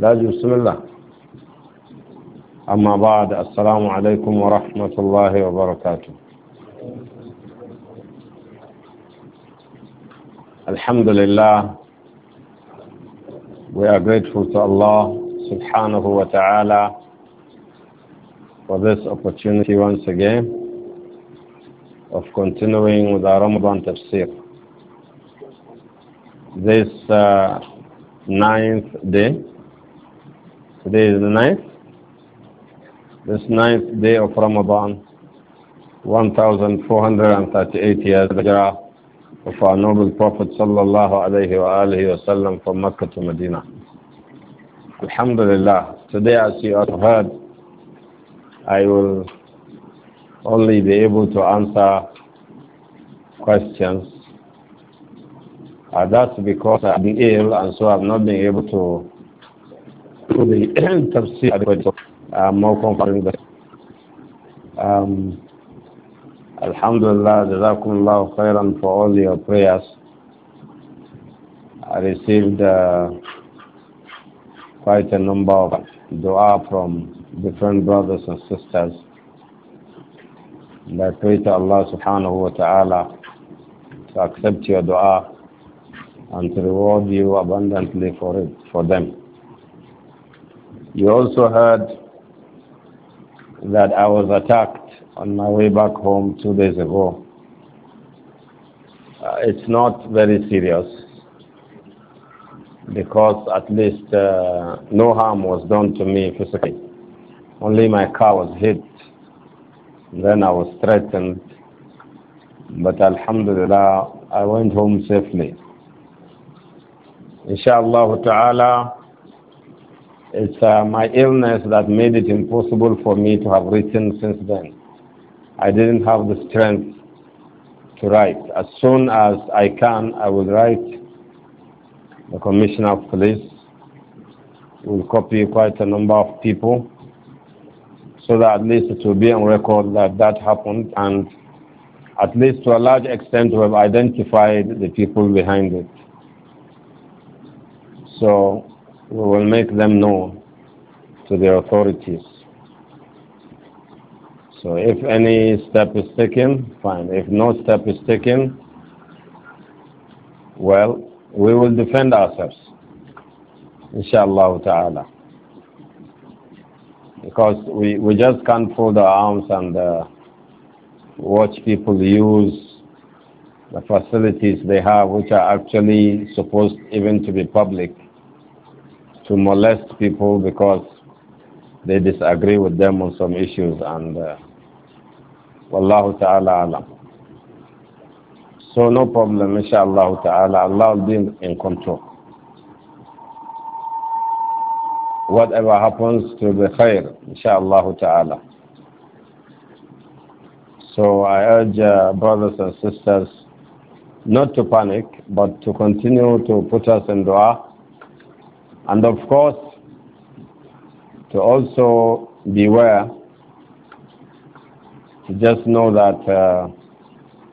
لازم بسم الله أما بعد السلام عليكم ورحمة الله وبركاته الحمد لله we are grateful to Allah subhanahu wa ta'ala for this opportunity once again of continuing with our Ramadan tafsir. This uh, ninth day Today is the ninth. This ninth day of Ramadan, 1438 years of our noble Prophet sallallahu alayhi wa alihi wasallam from Mecca to Medina. Alhamdulillah. Today as you have heard, I will only be able to answer questions. Uh, that's because I've been ill and so I've not been able to through the tafsir, I'm uh, more confident that. Um, Alhamdulillah, Jazakumullah khairan for all your prayers. I received uh, quite a number of dua from different brothers and sisters. And I pray to Allah subhanahu wa ta'ala to accept your dua and to reward you abundantly for it, for them. You also heard that I was attacked on my way back home two days ago. Uh, it's not very serious because at least uh, no harm was done to me physically. Only my car was hit. Then I was threatened. But Alhamdulillah, I went home safely. Inshallah ta'ala, it's uh, my illness that made it impossible for me to have written since then. I didn't have the strength to write. As soon as I can, I will write. The Commissioner of Police will copy quite a number of people so that at least it will be on record that that happened and at least to a large extent we have identified the people behind it. So we will make them known to the authorities. So if any step is taken, fine. If no step is taken, well, we will defend ourselves. Inshallah ta'ala. Because we, we just can't fold our arms and uh, watch people use the facilities they have, which are actually supposed even to be public, to molest people because they disagree with them on some issues and uh, wallahu ta'ala alam. So no problem, inshallah ta'ala, Allah will be in control. Whatever happens to the khair, inshallah ta'ala. So I urge uh, brothers and sisters not to panic, but to continue to put us in dua and of course, to also beware, to just know that uh,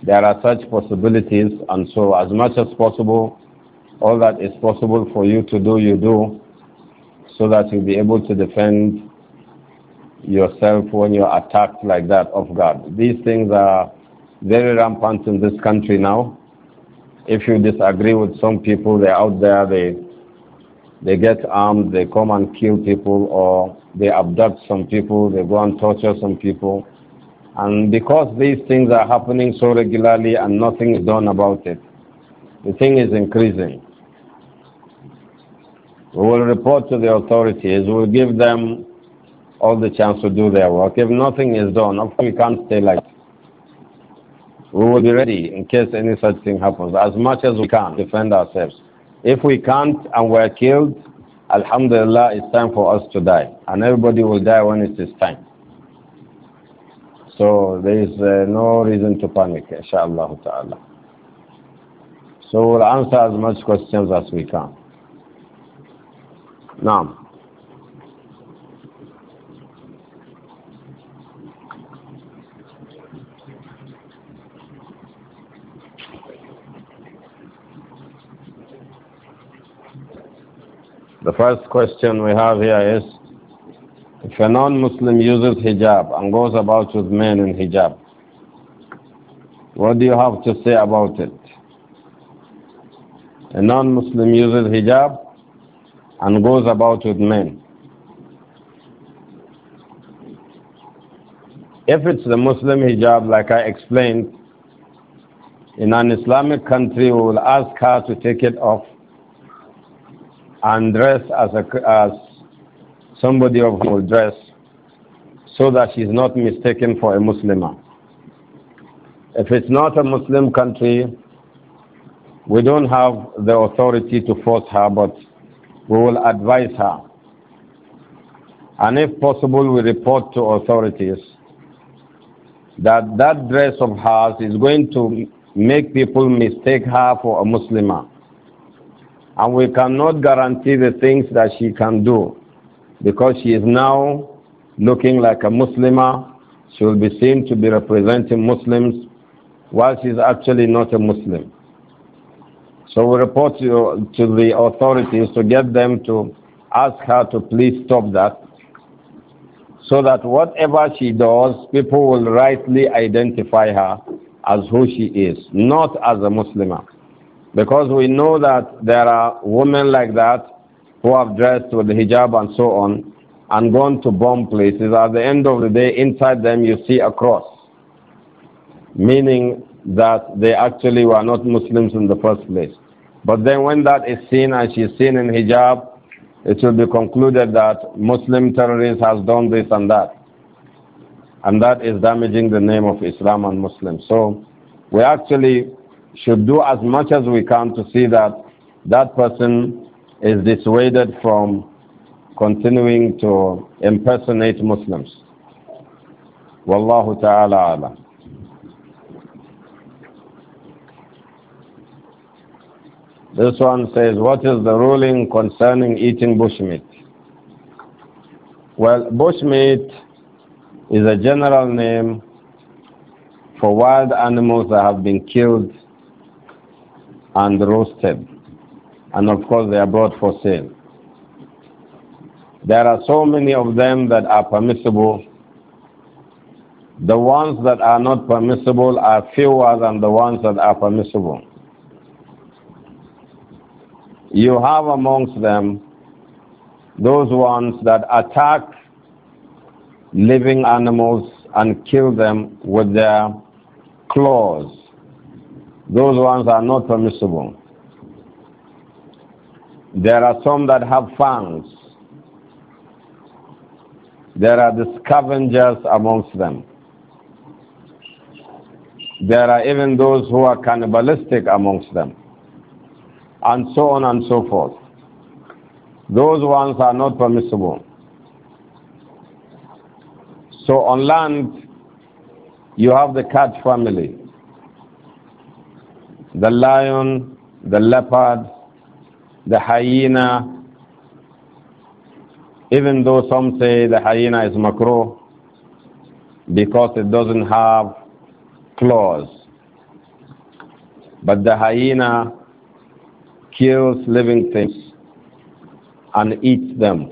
there are such possibilities, and so as much as possible, all that is possible for you to do, you do, so that you'll be able to defend yourself when you're attacked like that of God. These things are very rampant in this country now. If you disagree with some people, they're out there, they they get armed, they come and kill people, or they abduct some people, they go and torture some people. And because these things are happening so regularly and nothing is done about it, the thing is increasing. We will report to the authorities, we will give them all the chance to do their work. If nothing is done, of course we can't stay like this. We will be ready in case any such thing happens, as much as we can, defend ourselves. If we can't and we're killed, Alhamdulillah, it's time for us to die. And everybody will die when it is time. So there is uh, no reason to panic, inshaAllah ta'ala. So we'll answer as much questions as we can. Now. The first question we have here is, if a non-Muslim uses hijab and goes about with men in hijab, what do you have to say about it? A non-Muslim uses hijab and goes about with men. If it's the Muslim hijab, like I explained, in an Islamic country, we will ask her to take it off and dress as, a, as somebody of her dress so that she's not mistaken for a Muslim. If it's not a Muslim country, we don't have the authority to force her, but we will advise her. And if possible, we report to authorities that that dress of hers is going to make people mistake her for a Muslimah. And we cannot guarantee the things that she can do because she is now looking like a Muslima. She will be seen to be representing Muslims while she is actually not a Muslim. So we report to, to the authorities to get them to ask her to please stop that so that whatever she does, people will rightly identify her as who she is, not as a Muslim. Because we know that there are women like that who have dressed with the hijab and so on and gone to bomb places. At the end of the day, inside them you see a cross, meaning that they actually were not Muslims in the first place. But then when that is seen and she's seen in hijab, it will be concluded that Muslim terrorists has done this and that. And that is damaging the name of Islam and Muslims. So we actually should do as much as we can to see that that person is dissuaded from continuing to impersonate Muslims. Wallahu ta'ala alam. This one says, What is the ruling concerning eating bushmeat? Well, bushmeat is a general name for wild animals that have been killed and roasted. And of course, they are brought for sale. There are so many of them that are permissible. The ones that are not permissible are fewer than the ones that are permissible. You have amongst them those ones that attack living animals and kill them with their claws. Those ones are not permissible. There are some that have fangs. There are the scavengers amongst them. There are even those who are cannibalistic amongst them. And so on and so forth. Those ones are not permissible. So on land, you have the cat family the lion, the leopard, the hyena, even though some say the hyena is macro because it doesn't have claws. But the hyena kills living things and eats them.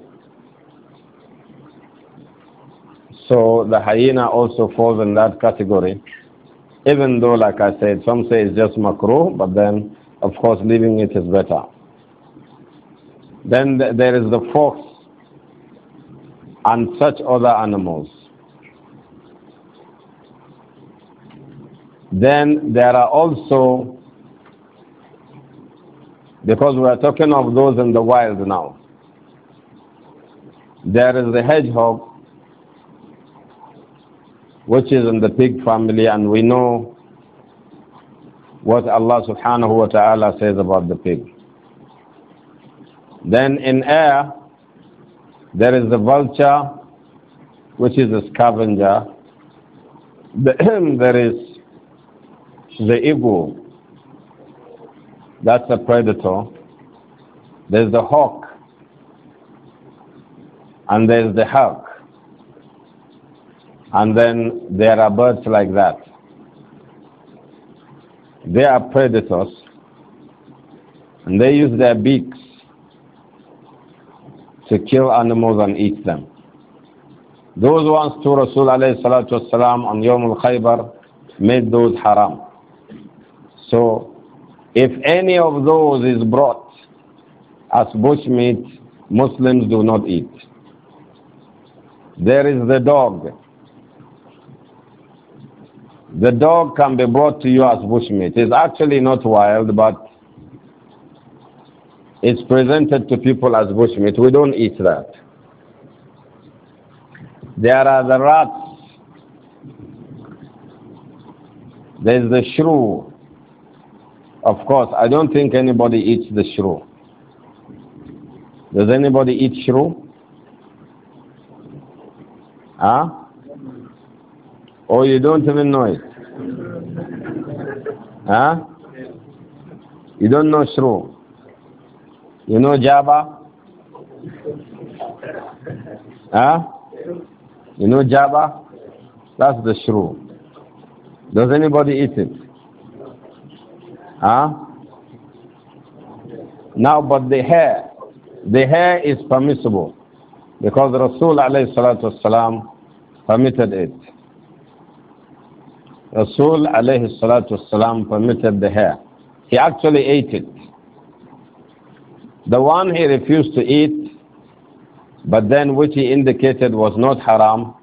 So the hyena also falls in that category. Even though, like I said, some say it's just macro, but then, of course, leaving it is better. Then th there is the fox and such other animals. Then there are also, because we are talking of those in the wild now, there is the hedgehog which is in the pig family, and we know what Allah subhanahu wa ta'ala says about the pig. Then in air, there is the vulture, which is a scavenger. there is the eagle, that's a predator. There's the hawk, and there's the hawk. And then there are birds like that. They are predators and they use their beaks to kill animals and eat them. Those ones to Rasul alayhi salatu wasalam on Yom al Khaybar made those haram. So if any of those is brought as bushmeat, Muslims do not eat. There is the dog. The dog can be brought to you as bushmeat. It's actually not wild, but it's presented to people as bushmeat. We don't eat that. There are the rats. There's the shrew. Of course, I don't think anybody eats the shrew. Does anybody eat shrew? Huh? Or oh, you don't even know it? Huh? You don't know shru. You know Java? Huh? You know Java? That's the shru. Does anybody eat it? Huh? Now, but the hair, the hair is permissible because Rasul alayhi salatu wasalam permitted it. Rasul alayhi salatu wasalam permitted the hair. He actually ate it. The one he refused to eat, but then which he indicated was not haram,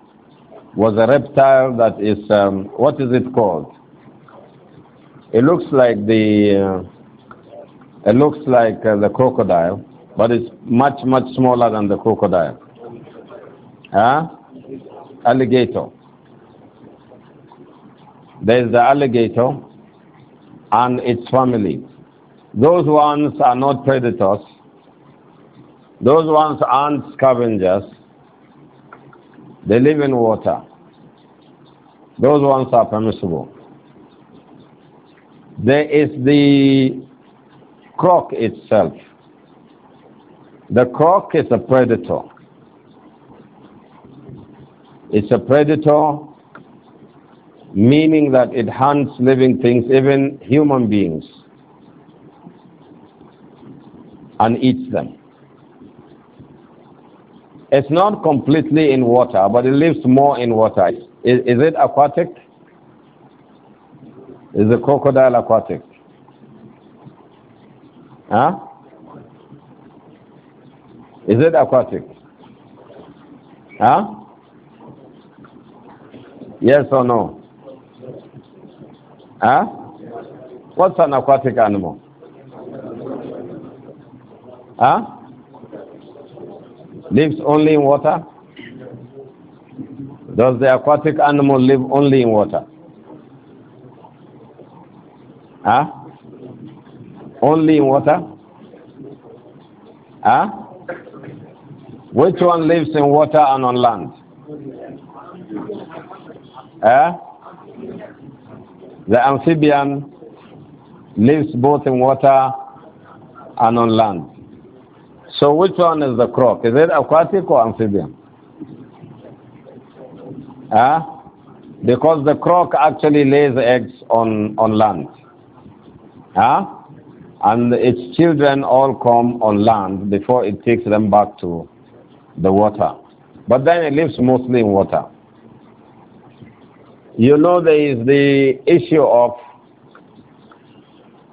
was a reptile that is, um, what is it called? It looks like the, uh, it looks like uh, the crocodile, but it's much, much smaller than the crocodile. Huh? Alligator. There is the alligator and its family. Those ones are not predators. Those ones aren't scavengers. They live in water. Those ones are permissible. There is the croc itself. The croc is a predator. It's a predator meaning that it hunts living things, even human beings, and eats them. It's not completely in water, but it lives more in water. Is, is it aquatic? Is the crocodile aquatic? Huh? Is it aquatic? Huh? Yes or no? Huh? What's an aquatic animal? Huh? Lives only in water? Does the aquatic animal live only in water? Huh? Only in water? Huh? Which one lives in water and on land? Huh? The amphibian lives both in water and on land. So which one is the croc? Is it aquatic or amphibian? Huh? Because the croc actually lays eggs on, on land. Huh? And its children all come on land before it takes them back to the water. But then it lives mostly in water. You know there is the issue of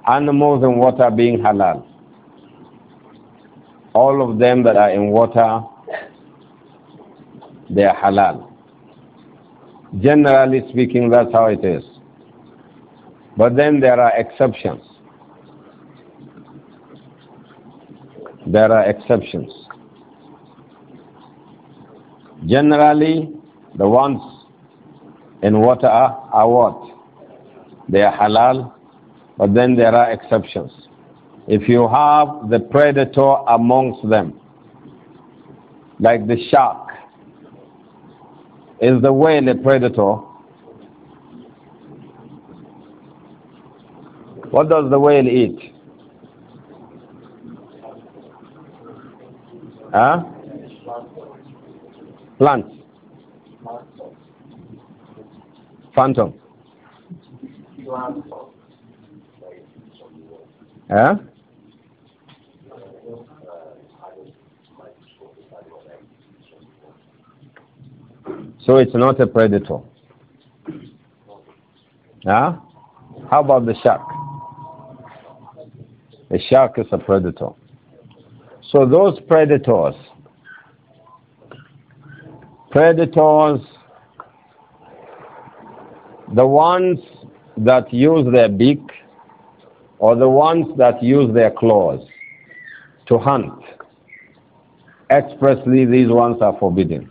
animals in water being halal. All of them that are in water, they are halal. Generally speaking, that's how it is. But then there are exceptions. There are exceptions. Generally, the ones and water are what? They are halal, but then there are exceptions. If you have the predator amongst them, like the shark, is the whale a predator? What does the whale eat? Huh? Plants. Phantom. Huh? So it's not a predator. Yeah. How about the shark? A shark is a predator. So those predators, predators the ones that use their beak or the ones that use their claws to hunt. Expressly, these ones are forbidden.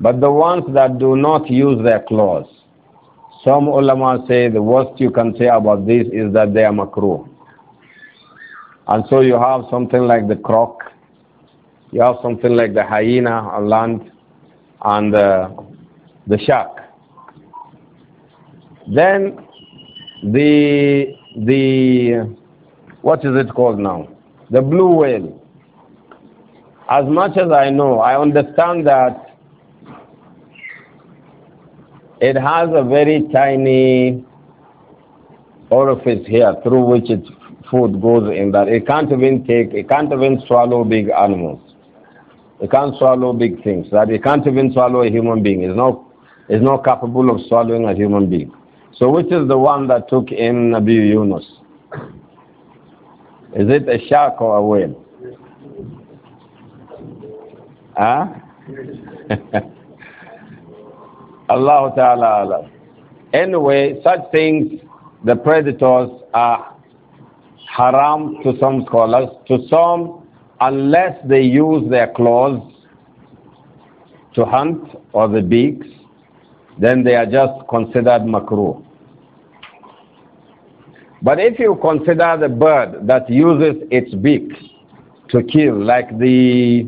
But the ones that do not use their claws, some ulama say the worst you can say about this is that they are makruh. And so you have something like the croc, you have something like the hyena on land, and uh, the shark. Then the, the, what is it called now? The blue whale. As much as I know, I understand that it has a very tiny orifice here through which its food goes in that it can't even take, it can't even swallow big animals. It can't swallow big things. That it can't even swallow a human being. It's not, it's not capable of swallowing a human being. So which is the one that took in Nabi Yunus? Is it a shark or a whale? Huh? Allah Ta'ala Allah. Anyway, such things, the predators are haram to some scholars, to some, unless they use their claws to hunt or the beaks, then they are just considered makruh. But if you consider the bird that uses its beak to kill, like the,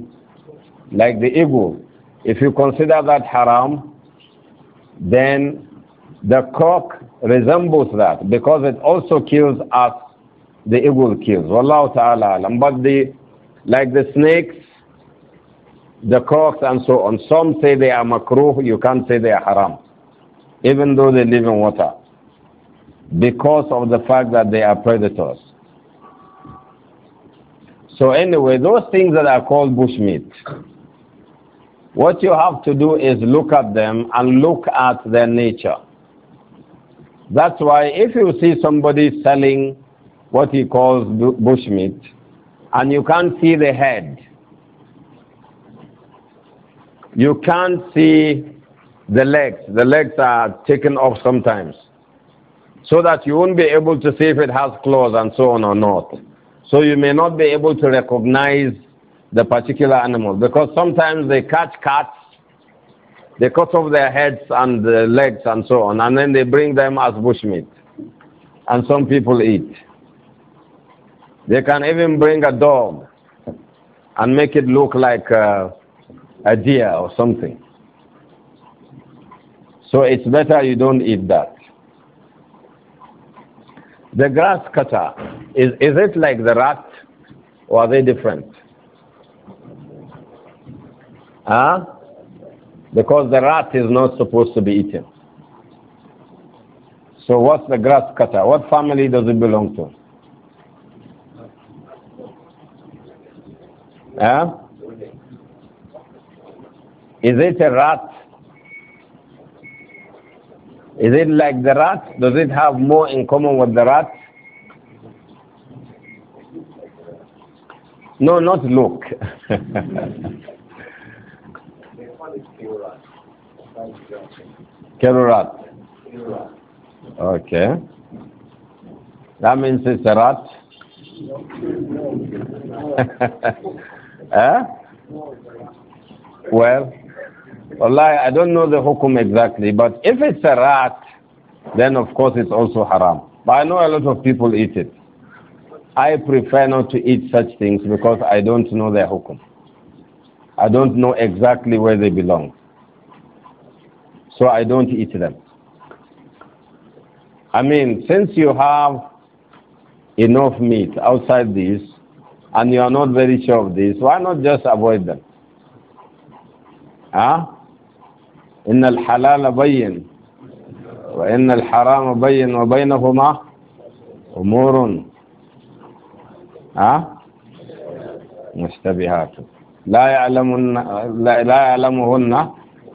like the eagle, if you consider that haram, then the cock resembles that because it also kills as the eagle kills. Wallahu ta'ala alam. But the, like the snakes, the cocks and so on, some say they are makruh, you can't say they are haram, even though they live in water because of the fact that they are predators. So, anyway, those things that are called bushmeat, what you have to do is look at them and look at their nature. That's why if you see somebody selling what he calls bushmeat and you can't see the head, you can't see the legs. The legs are taken off sometimes so that you won't be able to see if it has claws and so on or not. So you may not be able to recognize the particular animal because sometimes they catch cats, they cut off their heads and the legs and so on, and then they bring them as bushmeat, and some people eat. They can even bring a dog and make it look like a deer or something. So it's better you don't eat that. The grass cutter, is, is it like the rat or are they different? Huh? Because the rat is not supposed to be eaten. So what's the grass cutter? What family does it belong to? Huh? Is it a rat is it like the rat? Does it have more in common with the rat? No, not look. Kerurat. Okay. That means it's a rat. eh? Well, Allah, I don't know the hukum exactly, but if it's a rat, then of course it's also haram. But I know a lot of people eat it. I prefer not to eat such things because I don't know their hukum. I don't know exactly where they belong. So I don't eat them. I mean, since you have enough meat outside this, and you are not very sure of this, why not just avoid them? Huh? إن الحلال بين وإن الحرام بين وبينهما أمور أه؟ مشتبهات لا يعلمن لا, يعلمهن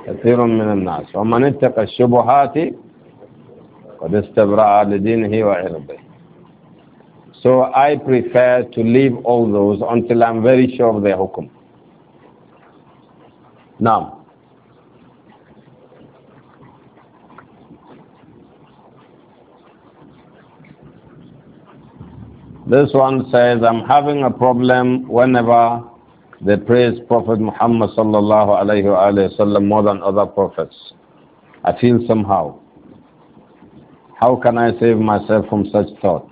كثير من الناس ومن اتقى الشبهات قد استبرع لدينه وعرضه So I prefer to leave all those until I'm very sure of their hukum. Now, نعم. This one says, I'm having a problem whenever they praise Prophet Muhammad sallallahu alayhi wa sallam more than other prophets. I feel somehow. How can I save myself from such thought?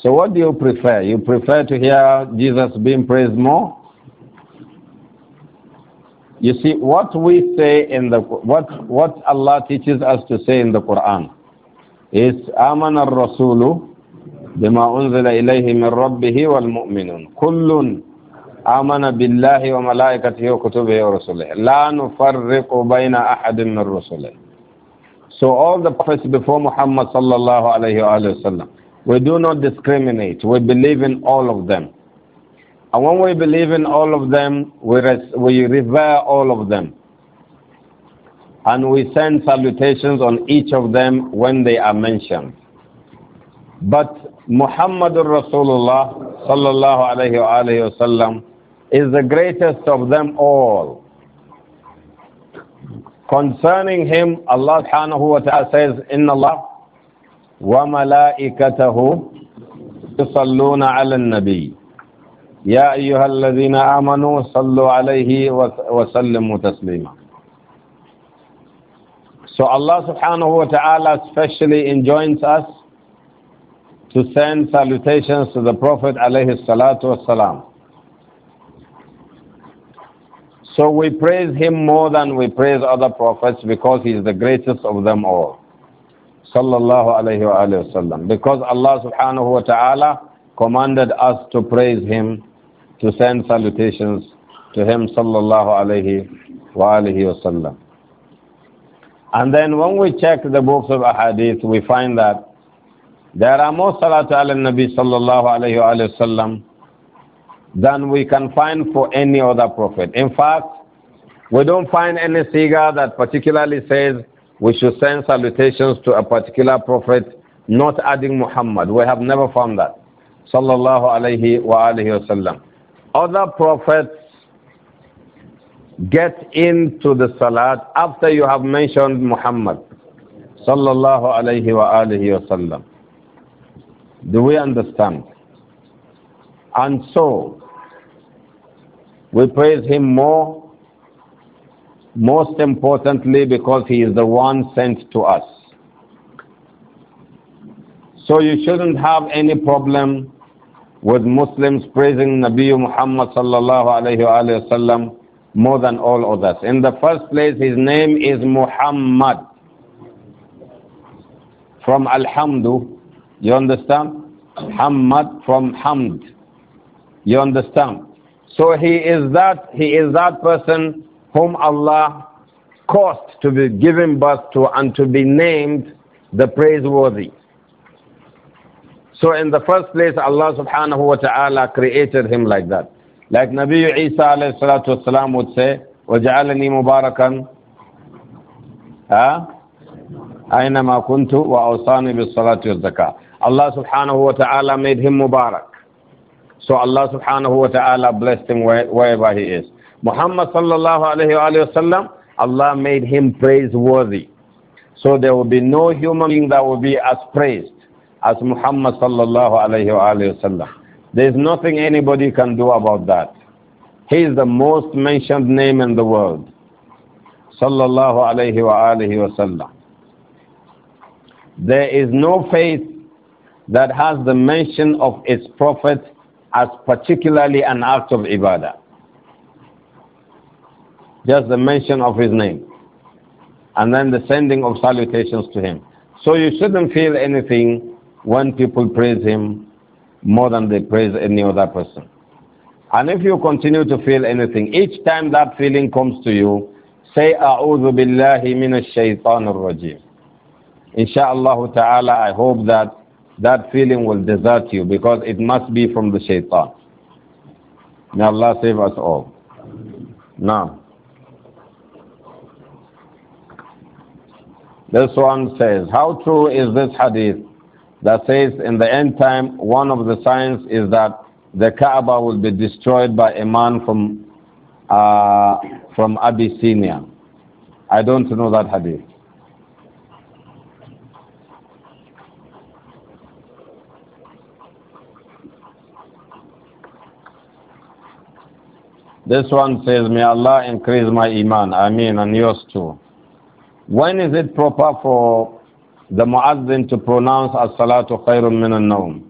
So what do you prefer? You prefer to hear Jesus being praised more? You see, what we say in the what what Allah teaches us to say in the Quran is Aman al Rasulu بما أنزل إليه من ربه والمؤمنون كل آمن بالله وملائكته وكتبه ورسله لا نفرق بين أحد من رسله So all the prophets before Muhammad sallallahu alayhi wa sallam, we do not discriminate. We believe in all of them. And when we believe in all of them, we, we revere all of them. And we send salutations on each of them when they are mentioned. But Muhammadur Rasulullah sallallahu alayhi wa alayhi wasallam is the greatest of them all. Concerning him, Allah subhanahu wa ta'ala says, Inna Allah wa malaikatahu yusalluna ala nabi. يا أيها الذين آمنوا صلوا عليه وسلموا تسليما So Allah subhanahu wa ta'ala specially enjoins us to send salutations to the Prophet alayhi salatu wasalam. So we praise him more than we praise other prophets because he is the greatest of them all. Sallallahu alayhi wa sallam. Because Allah subhanahu wa ta'ala commanded us to praise him, to send salutations to him sallallahu alayhi wa wa sallam. And then when we check the books of ahadith, we find that there are more salat ala Nabi sallallahu alayhi wa sallam than we can find for any other prophet. In fact, we don't find any siga that particularly says we should send salutations to a particular prophet, not adding Muhammad. We have never found that. Sallallahu alayhi wa alayhi wasallam. Other prophets get into the salat after you have mentioned Muhammad. Sallallahu alayhi wa alayhi wasallam. Do we understand? And so, we praise him more, most importantly because he is the one sent to us. So you shouldn't have any problem with Muslims praising Nabi Muhammad sallallahu more than all others. In the first place, his name is Muhammad from Alhamdu, you understand? Muhammad from Hamd. You understand? So he is that he is that person whom Allah caused to be given birth to and to be named the praiseworthy. So in the first place Allah subhanahu wa ta'ala created him like that. Like Nabi Isa alayhi salatu wasalam would say, وَجَعَلَنِي مُبَارَكًا أَيْنَمَا كُنْتُ وَأَوْصَانِي بِالصَّلَاةِ وَالزَّكَاةِ Allah subhanahu wa ta'ala made him Mubarak. So Allah subhanahu wa ta'ala blessed him wherever he is. Muhammad sallallahu alayhi wa sallam, Allah made him praiseworthy. So there will be no human being that will be as praised as Muhammad sallallahu alayhi wa sallam. There is nothing anybody can do about that. He is the most mentioned name in the world. Sallallahu alayhi wa sallam. There is no faith that has the mention of its prophet as particularly an act of ibadah. Just the mention of his name. And then the sending of salutations to him. So you shouldn't feel anything when people praise him more than they praise any other person. And if you continue to feel anything, each time that feeling comes to you, say, A'udhu billahi minash shaitanir rajim. Insha'Allah ta'ala, I hope that that feeling will desert you because it must be from the shaitan. May Allah save us all. Now, this one says, How true is this hadith that says in the end time, one of the signs is that the Kaaba will be destroyed by a man from, uh, from Abyssinia? I don't know that hadith. This one says, May Allah increase my iman. I mean, and yours too. When is it proper for the muazzin to pronounce as-salatu khairun min al-nawm?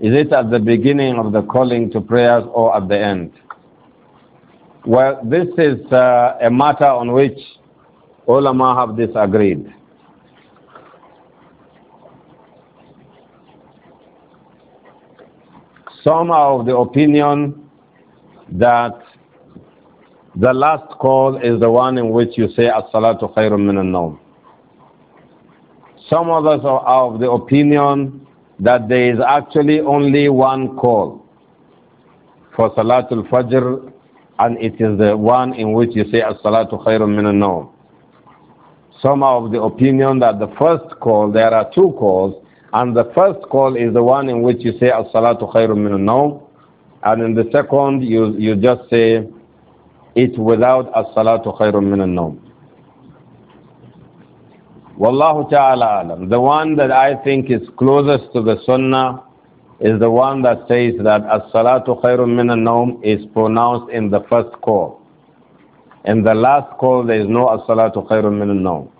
Is it at the beginning of the calling to prayers or at the end? Well, this is uh, a matter on which ulama have disagreed. Some of the opinion that the last call is the one in which you say as-salatu khayrun min al-nawm. Some others are of the opinion that there is actually only one call for salatul fajr and it is the one in which you say as-salatu khayrun min al-nawm. Some are of the opinion that the first call, there are two calls, and the first call is the one in which you say as-salatu khayrun min al-nawm, and in the second, you, you just say it without as-salatu khayrun min al-nawm. Wallahu ta'ala alam. The one that I think is closest to the sunnah is the one that says that as-salatu khayrun min al-nawm is pronounced in the first call. In the last call, there is no as-salatu khayrun min al-nawm.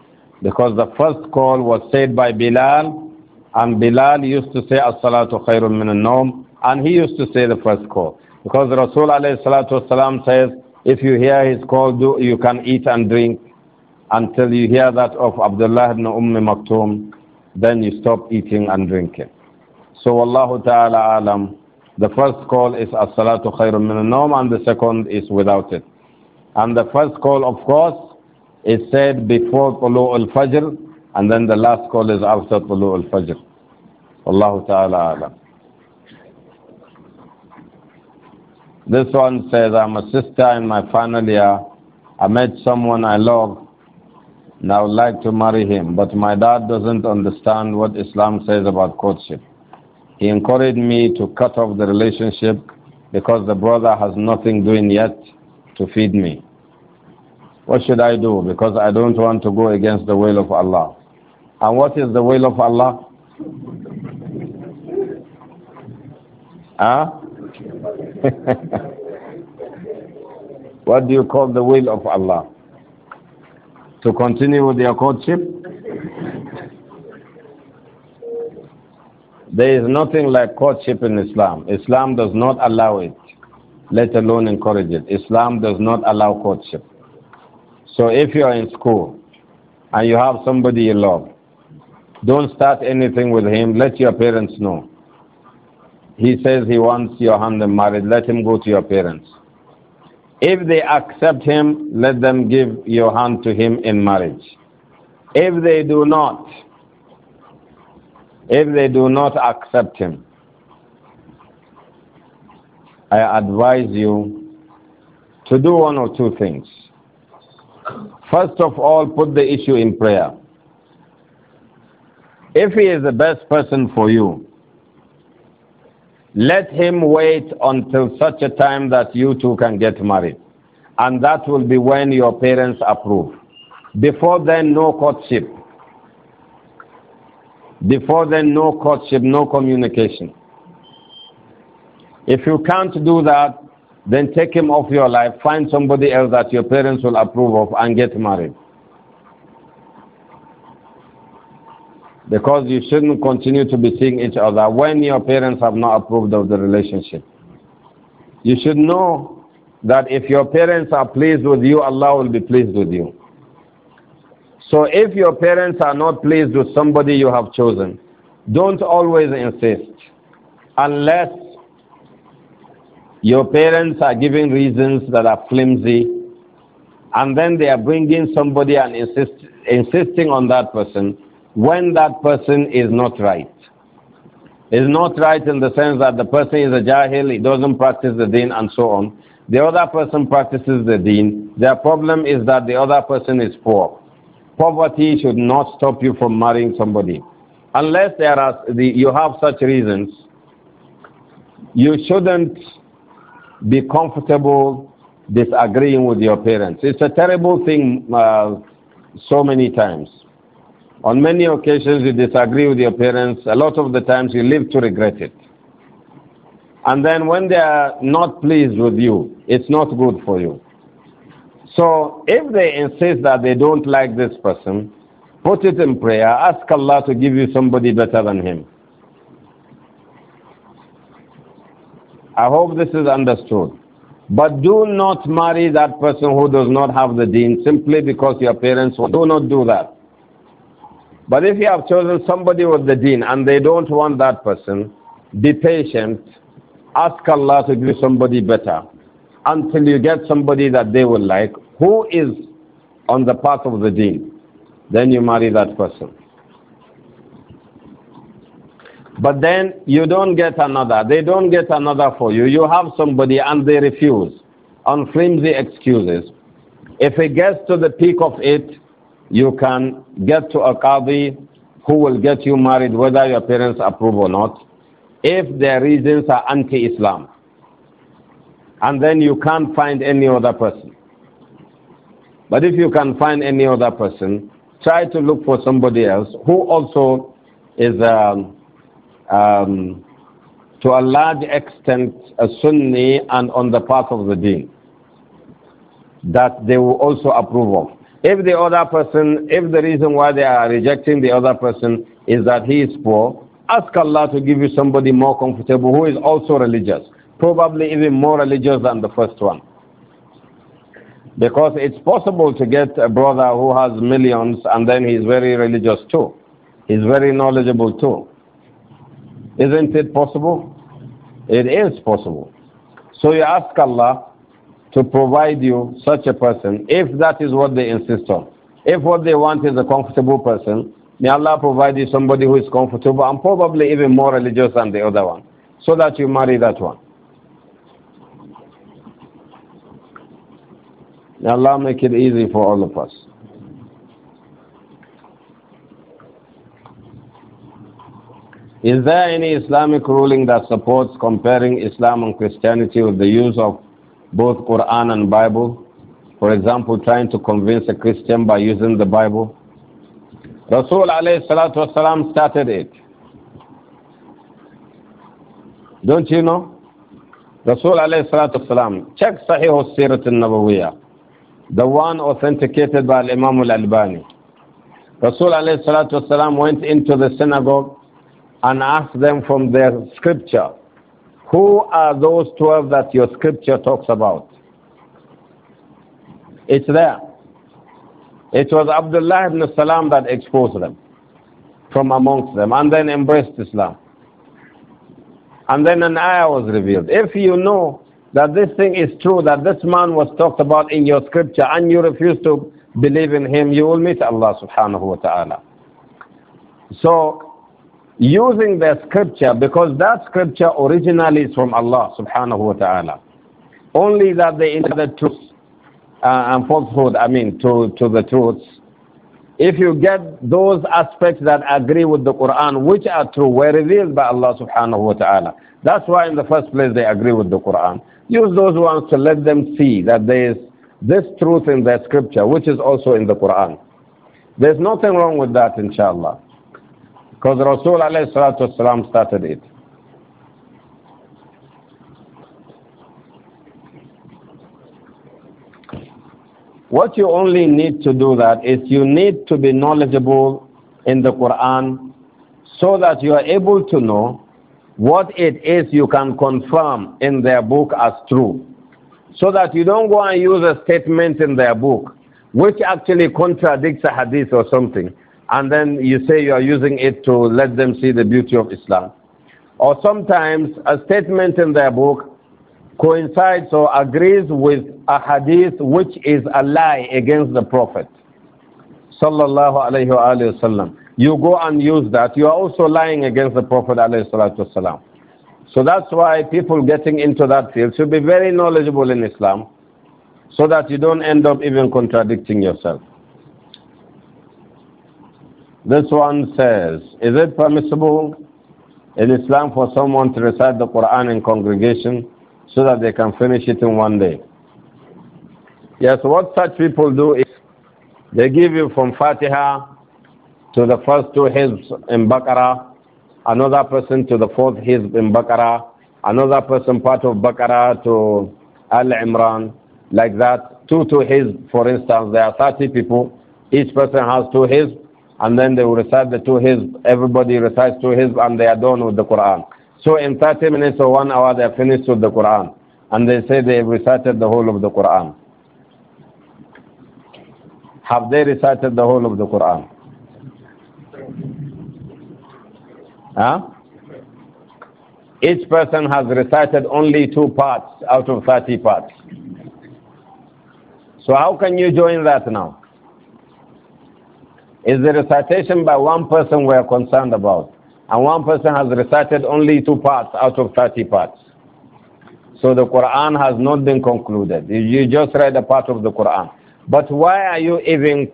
Because the first call was said by Bilal, and Bilal used to say as-salatu khayrun min al-nawm, and he used to say the first call. Because Rasul والسلام, says, if you hear his call, do, you can eat and drink until you hear that of Abdullah ibn Umm Maktum, then you stop eating and drinking. So Allah ta'ala alam, the first call is as-salatu khayrun min al-nawm and the second is without it. And the first call, of course, is said before tulu al-fajr and then the last call is after tulu al-fajr. Allah ta'ala alam. This one says, I'm a sister in my final year. I met someone I love and I would like to marry him, but my dad doesn't understand what Islam says about courtship. He encouraged me to cut off the relationship because the brother has nothing doing yet to feed me. What should I do? Because I don't want to go against the will of Allah. And what is the will of Allah? Huh? what do you call the will of Allah? To continue with your courtship? There is nothing like courtship in Islam. Islam does not allow it, let alone encourage it. Islam does not allow courtship. So if you are in school and you have somebody you love, don't start anything with him. Let your parents know he says he wants your hand in marriage. let him go to your parents. If they accept him, let them give your hand to him in marriage. If they do not, if they do not accept him, I advise you to do one or two things. First of all, put the issue in prayer. If he is the best person for you, let him wait until such a time that you two can get married. And that will be when your parents approve. Before then, no courtship. Before then, no courtship, no communication. If you can't do that, then take him off your life, find somebody else that your parents will approve of, and get married. Because you shouldn't continue to be seeing each other when your parents have not approved of the relationship. You should know that if your parents are pleased with you, Allah will be pleased with you. So if your parents are not pleased with somebody you have chosen, don't always insist unless your parents are giving reasons that are flimsy and then they are bringing somebody and insist, insisting on that person when that person is not right. Is not right in the sense that the person is a jahil, he doesn't practice the deen, and so on. The other person practices the deen. Their problem is that the other person is poor. Poverty should not stop you from marrying somebody. Unless there are the, you have such reasons, you shouldn't be comfortable disagreeing with your parents. It's a terrible thing uh, so many times on many occasions, you disagree with your parents. A lot of the times, you live to regret it. And then, when they are not pleased with you, it's not good for you. So, if they insist that they don't like this person, put it in prayer. Ask Allah to give you somebody better than him. I hope this is understood. But do not marry that person who does not have the deen simply because your parents do not do that. But if you have chosen somebody with the deen and they don't want that person, be patient. Ask Allah to give somebody better until you get somebody that they will like, who is on the path of the deen. Then you marry that person. But then you don't get another. They don't get another for you. You have somebody and they refuse on flimsy excuses. If it gets to the peak of it, you can get to a qadi who will get you married whether your parents approve or not, if their reasons are anti-Islam. And then you can't find any other person. But if you can find any other person, try to look for somebody else who also is, um, um to a large extent, a Sunni and on the path of the Deen that they will also approve of. If the other person, if the reason why they are rejecting the other person is that he is poor, ask Allah to give you somebody more comfortable who is also religious, probably even more religious than the first one. Because it's possible to get a brother who has millions and then he's very religious too. He's very knowledgeable too. Isn't it possible? It is possible. So you ask Allah to provide you such a person if that is what they insist on. If what they want is a comfortable person, may Allah provide you somebody who is comfortable and probably even more religious than the other one, so that you marry that one. May Allah make it easy for all of us. Is there any Islamic ruling that supports comparing Islam and Christianity with the use of both Quran and Bible. For example, trying to convince a Christian by using the Bible. Rasul alayhi salatu wasalam started it. Don't you know? Rasul alayhi salatu wasalam. Check Sahih al-Sirat al nabawiya The one authenticated by Imam al-Albani. Rasul alayhi salatu wasalam went into the synagogue and asked them from their scripture who are those 12 that your scripture talks about? It's there. It was Abdullah ibn Salam that exposed them from amongst them and then embraced Islam. And then an ayah was revealed. If you know that this thing is true, that this man was talked about in your scripture and you refuse to believe in him, you will meet Allah subhanahu wa ta'ala. So using the scripture because that scripture originally is from Allah subhanahu wa ta'ala. Only that they the truth uh, and falsehood, I mean, to, to the truths. If you get those aspects that agree with the Quran, which are true, were revealed by Allah subhanahu wa ta'ala. That's why in the first place they agree with the Quran. Use those ones to let them see that there is this truth in the scripture, which is also in the Quran. There's nothing wrong with that, inshallah. Because Rasul والسلام, started it. What you only need to do that is you need to be knowledgeable in the Quran so that you are able to know what it is you can confirm in their book as true. So that you don't go and use a statement in their book which actually contradicts a hadith or something and then you say you are using it to let them see the beauty of Islam. Or sometimes a statement in their book coincides or agrees with a hadith which is a lie against the Prophet. Sallallahu alayhi wa sallam. You go and use that. You are also lying against the Prophet alayhi So that's why people getting into that field should be very knowledgeable in Islam so that you don't end up even contradicting yourself. This one says, is it permissible in Islam for someone to recite the Quran in congregation so that they can finish it in one day? Yes, what such people do is they give you from Fatiha to the first two hizbs in Baqarah, another person to the fourth hizb in Baqarah, another person part of Baqarah to Al Imran, like that. Two to hizb, for instance, there are 30 people. Each person has two hizb and then they will recite the two hizb. Everybody recites two hizb and they are done with the Quran. So in 30 minutes or one hour they are finished with the Quran. And they say they have recited the whole of the Quran. Have they recited the whole of the Quran? Huh? Each person has recited only two parts out of 30 parts. So how can you join that now? is the recitation by one person we are concerned about. And one person has recited only two parts out of 30 parts. So the Quran has not been concluded. You just read a part of the Quran. But why are you even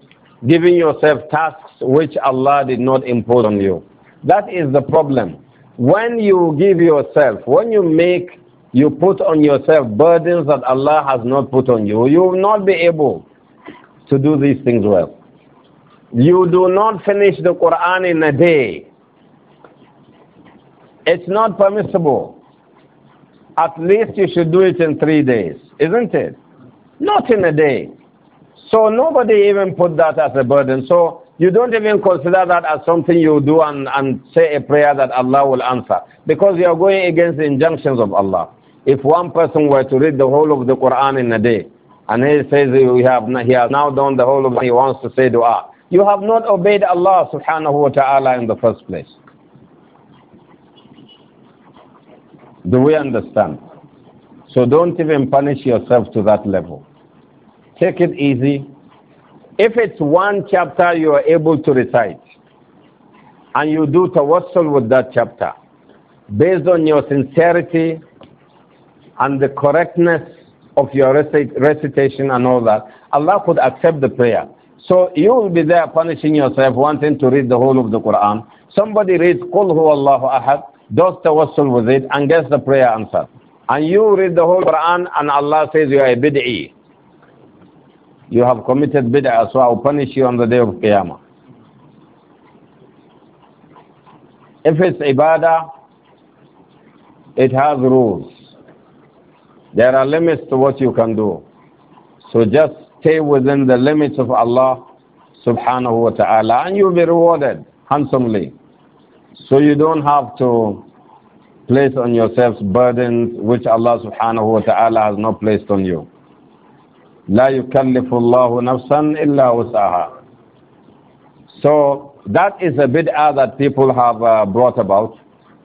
giving yourself tasks which Allah did not impose on you? That is the problem. When you give yourself, when you make, you put on yourself burdens that Allah has not put on you, you will not be able to do these things well. You do not finish the Quran in a day. It's not permissible. At least you should do it in three days, isn't it? Not in a day. So nobody even put that as a burden. So you don't even consider that as something you do and, and say a prayer that Allah will answer. Because you are going against the injunctions of Allah. If one person were to read the whole of the Quran in a day, and he says he, have, he has now done the whole of it, he wants to say dua. You have not obeyed Allah subhanahu wa ta'ala in the first place. Do we understand? So don't even punish yourself to that level. Take it easy. If it's one chapter you are able to recite, and you do tawassul with that chapter, based on your sincerity and the correctness of your recit recitation and all that, Allah could accept the prayer. So you will be there punishing yourself wanting to read the whole of the Quran. Somebody reads Qul Allahu Ahad, does tawassul with it and gets the prayer answered. And you read the whole Quran and Allah says you are a bid'i. You have committed bid'ah, so I will punish you on the day of Qiyamah. If it's ibadah, it has rules. There are limits to what you can do. So just stay within the limits of Allah subhanahu wa ta'ala and you'll be rewarded handsomely. So you don't have to place on yourselves burdens which Allah subhanahu wa ta'ala has not placed on you. لا يكلف الله نفسا إلا وسعها. So that is a bid'ah that people have uh, brought about,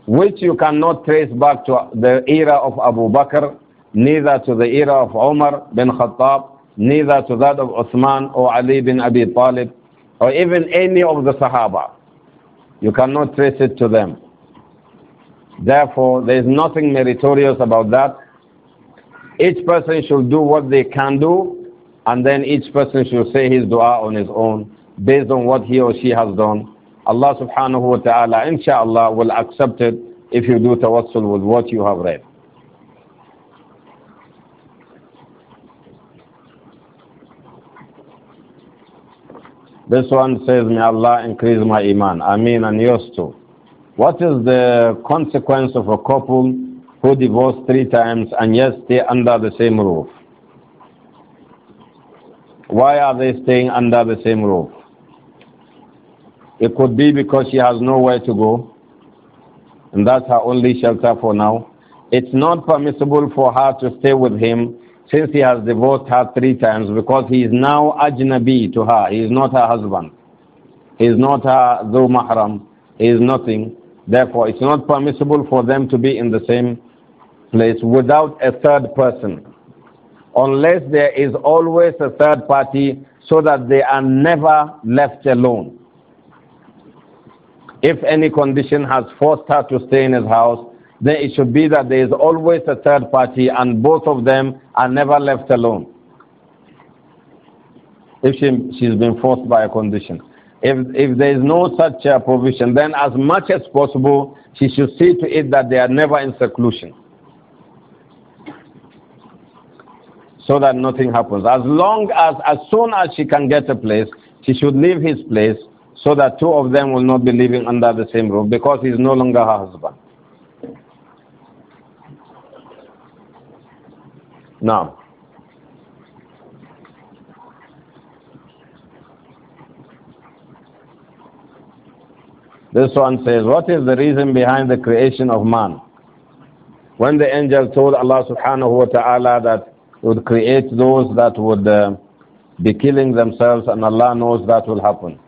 which you cannot trace back to the era of Abu Bakr, neither to the era of Umar bin Khattab, neither to that of Osman or Ali bin Abi Talib or even any of the Sahaba. You cannot trace it to them. Therefore, there is nothing meritorious about that. Each person should do what they can do, and then each person should say his dua on his own based on what he or she has done. Allah subhanahu wa ta'ala, inshaAllah, will accept it if you do tawassul with what you have read. This one says, May Allah increase my iman. Ameen and yours too. What is the consequence of a couple who divorce three times and yet stay under the same roof? Why are they staying under the same roof? It could be because she has nowhere to go, and that's her only shelter for now. It's not permissible for her to stay with him since he has divorced her three times because he is now ajnabi to her. He is not her husband. He is not her dhu mahram. He is nothing. Therefore, it's not permissible for them to be in the same place without a third person. Unless there is always a third party so that they are never left alone. If any condition has forced her to stay in his house, then it should be that there is always a third party and both of them are never left alone. If she, she's been forced by a condition. If, if there is no such uh, provision, then as much as possible, she should see to it that they are never in seclusion. So that nothing happens. As long as, as soon as she can get a place, she should leave his place so that two of them will not be living under the same roof because he's no longer her husband. نعم This one says, What is the reason behind the creation of man? When the angel told Allah subhanahu wa ta'ala that he would create those that would uh, be killing themselves, and Allah knows that will happen.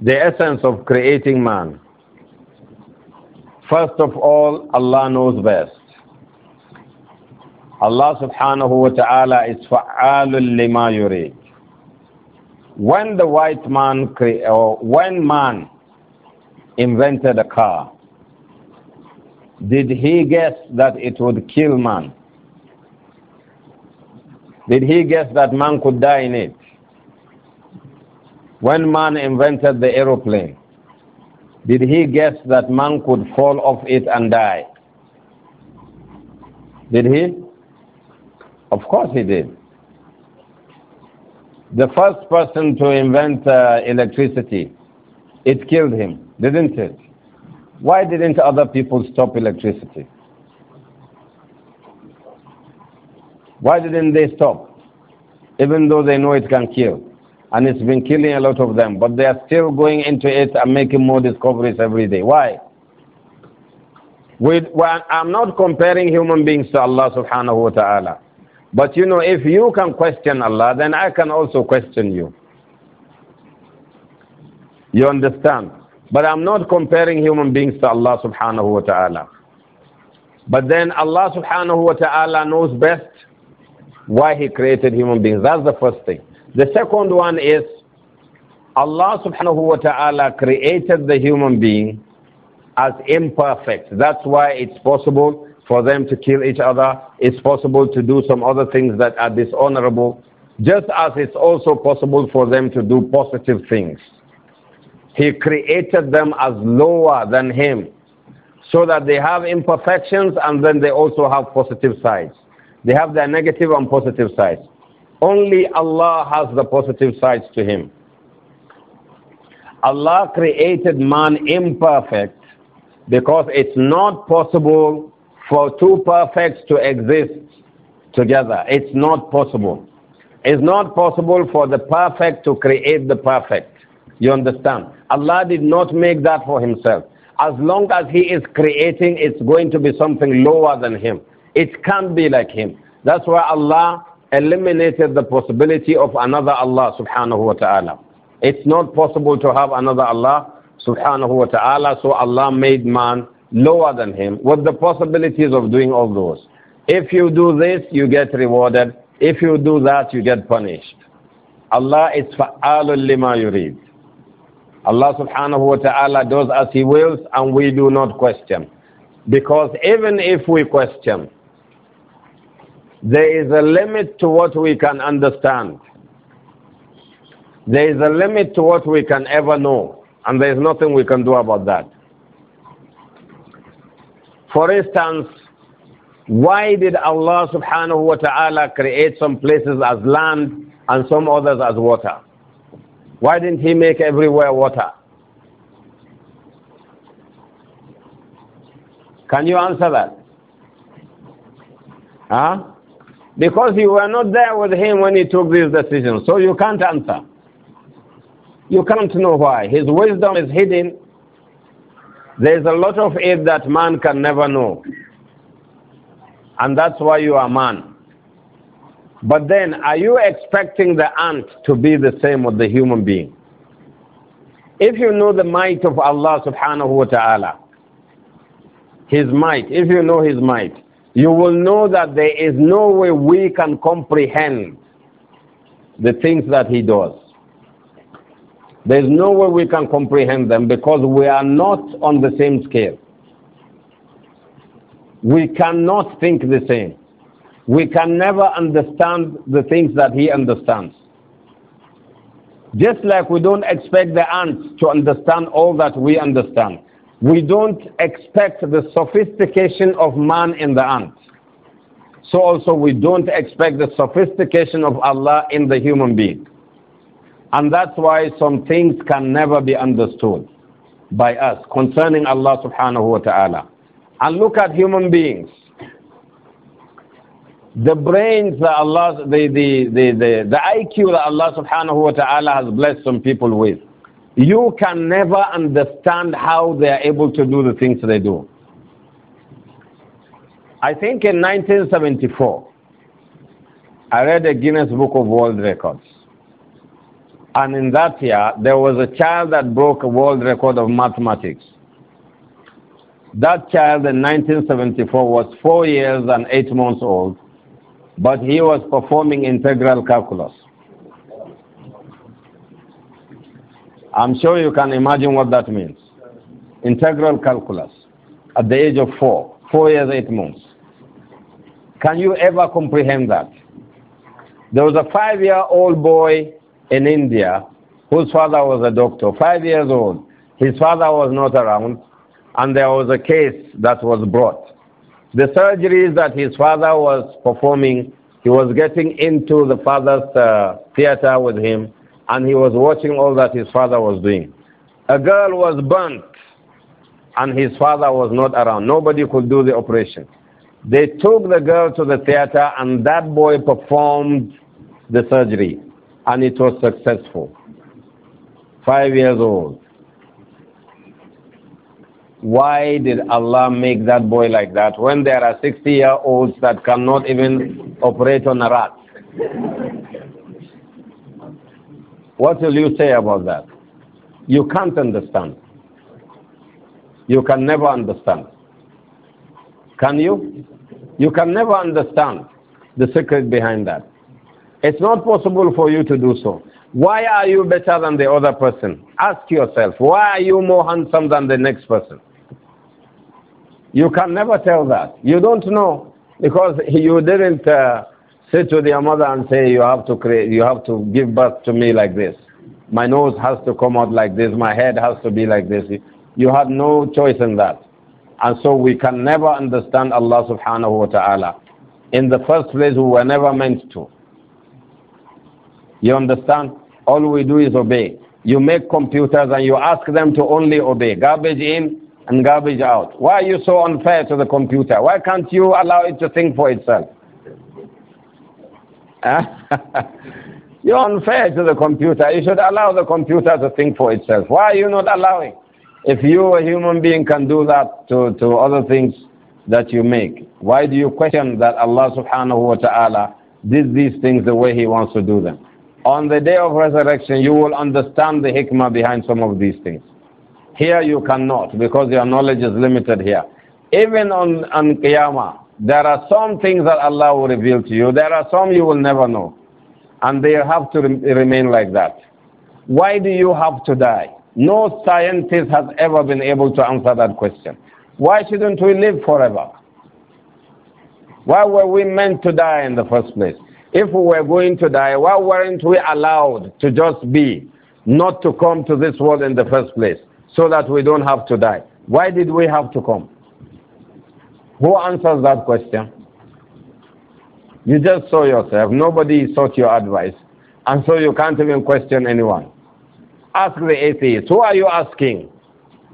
The essence of creating man. First of all, Allah knows best. Allah subhanahu wa ta'ala is fa'alul lima yurid. When the white man, or when man invented a car, did he guess that it would kill man? Did he guess that man could die in it? When man invented the aeroplane, did he guess that man could fall off it and die? Did he? Of course he did. The first person to invent uh, electricity, it killed him, didn't it? Why didn't other people stop electricity? Why didn't they stop? Even though they know it can kill. And it's been killing a lot of them, but they are still going into it and making more discoveries every day. Why? With, well, I'm not comparing human beings to Allah subhanahu wa ta'ala. But you know, if you can question Allah, then I can also question you. You understand? But I'm not comparing human beings to Allah subhanahu wa ta'ala. But then Allah subhanahu wa ta'ala knows best why He created human beings. That's the first thing. The second one is Allah subhanahu wa ta'ala created the human being as imperfect. That's why it's possible for them to kill each other. It's possible to do some other things that are dishonorable, just as it's also possible for them to do positive things. He created them as lower than Him so that they have imperfections and then they also have positive sides. They have their negative and positive sides. Only Allah has the positive sides to Him. Allah created man imperfect because it's not possible for two perfects to exist together. It's not possible. It's not possible for the perfect to create the perfect. You understand? Allah did not make that for himself. As long as he is creating, it's going to be something lower than him. It can't be like him. That's why Allah eliminated the possibility of another Allah subhanahu wa ta'ala. It's not possible to have another Allah subhanahu wa ta'ala, so Allah made man lower than him, what the possibilities of doing all those. If you do this, you get rewarded. If you do that, you get punished. Allah is fa'alul lima yurid. Allah subhanahu wa ta'ala does as he wills and we do not question. Because even if we question, there is a limit to what we can understand. There is a limit to what we can ever know. And there is nothing we can do about that. For instance, why did Allah subhanahu wa ta'ala create some places as land and some others as water? Why didn't He make everywhere water? Can you answer that? Huh? Because you were not there with him when he took these decisions, so you can't answer. You can't know why. His wisdom is hidden there is a lot of it that man can never know. And that's why you are man. But then, are you expecting the ant to be the same with the human being? If you know the might of Allah subhanahu wa ta'ala, His might, if you know His might, you will know that there is no way we can comprehend the things that He does. There is no way we can comprehend them because we are not on the same scale. We cannot think the same. We can never understand the things that he understands. Just like we don't expect the ants to understand all that we understand. We don't expect the sophistication of man in the ant. So also we don't expect the sophistication of Allah in the human being. And that's why some things can never be understood by us concerning Allah subhanahu wa ta'ala. And look at human beings. The brains that Allah, the, the, the, the, the IQ that Allah subhanahu wa ta'ala has blessed some people with, you can never understand how they are able to do the things they do. I think in 1974, I read a Guinness Book of World Records and in that year, there was a child that broke a world record of mathematics. That child in 1974 was four years and eight months old, but he was performing integral calculus. I'm sure you can imagine what that means. Integral calculus at the age of four, four years, eight months. Can you ever comprehend that? There was a five year old boy in India whose father was a doctor, five years old. His father was not around, and there was a case that was brought. The surgeries that his father was performing, he was getting into the father's uh, theater with him, and he was watching all that his father was doing. A girl was burnt, and his father was not around. Nobody could do the operation. They took the girl to the theater, and that boy performed the surgery and it was successful. Five years old. Why did Allah make that boy like that when there are 60 year olds that cannot even operate on a rat? What will you say about that? You can't understand. You can never understand. Can you? You can never understand the secret behind that. It's not possible for you to do so. Why are you better than the other person? Ask yourself, why are you more handsome than the next person? You can never tell that. You don't know because you didn't uh, sit with your mother and say you have to create, you have to give birth to me like this. My nose has to come out like this. My head has to be like this. You had no choice in that, and so we can never understand Allah Subhanahu wa Taala. In the first place, we were never meant to. You understand? All we do is obey. You make computers and you ask them to only obey. Garbage in and garbage out. Why are you so unfair to the computer? Why can't you allow it to think for itself? You're unfair to the computer. You should allow the computer to think for itself. Why are you not allowing? If you, a human being, can do that to, to other things that you make, why do you question that Allah subhanahu wa ta'ala did these things the way He wants to do them? On the day of resurrection, you will understand the hikmah behind some of these things. Here you cannot because your knowledge is limited here. Even on, on Qiyamah, there are some things that Allah will reveal to you. There are some you will never know. And they have to re remain like that. Why do you have to die? No scientist has ever been able to answer that question. Why shouldn't we live forever? Why were we meant to die in the first place? If we were going to die, why weren't we allowed to just be, not to come to this world in the first place, so that we don't have to die? Why did we have to come? Who answers that question? You just saw yourself. Nobody sought your advice. And so you can't even question anyone. Ask the atheist. Who are you asking?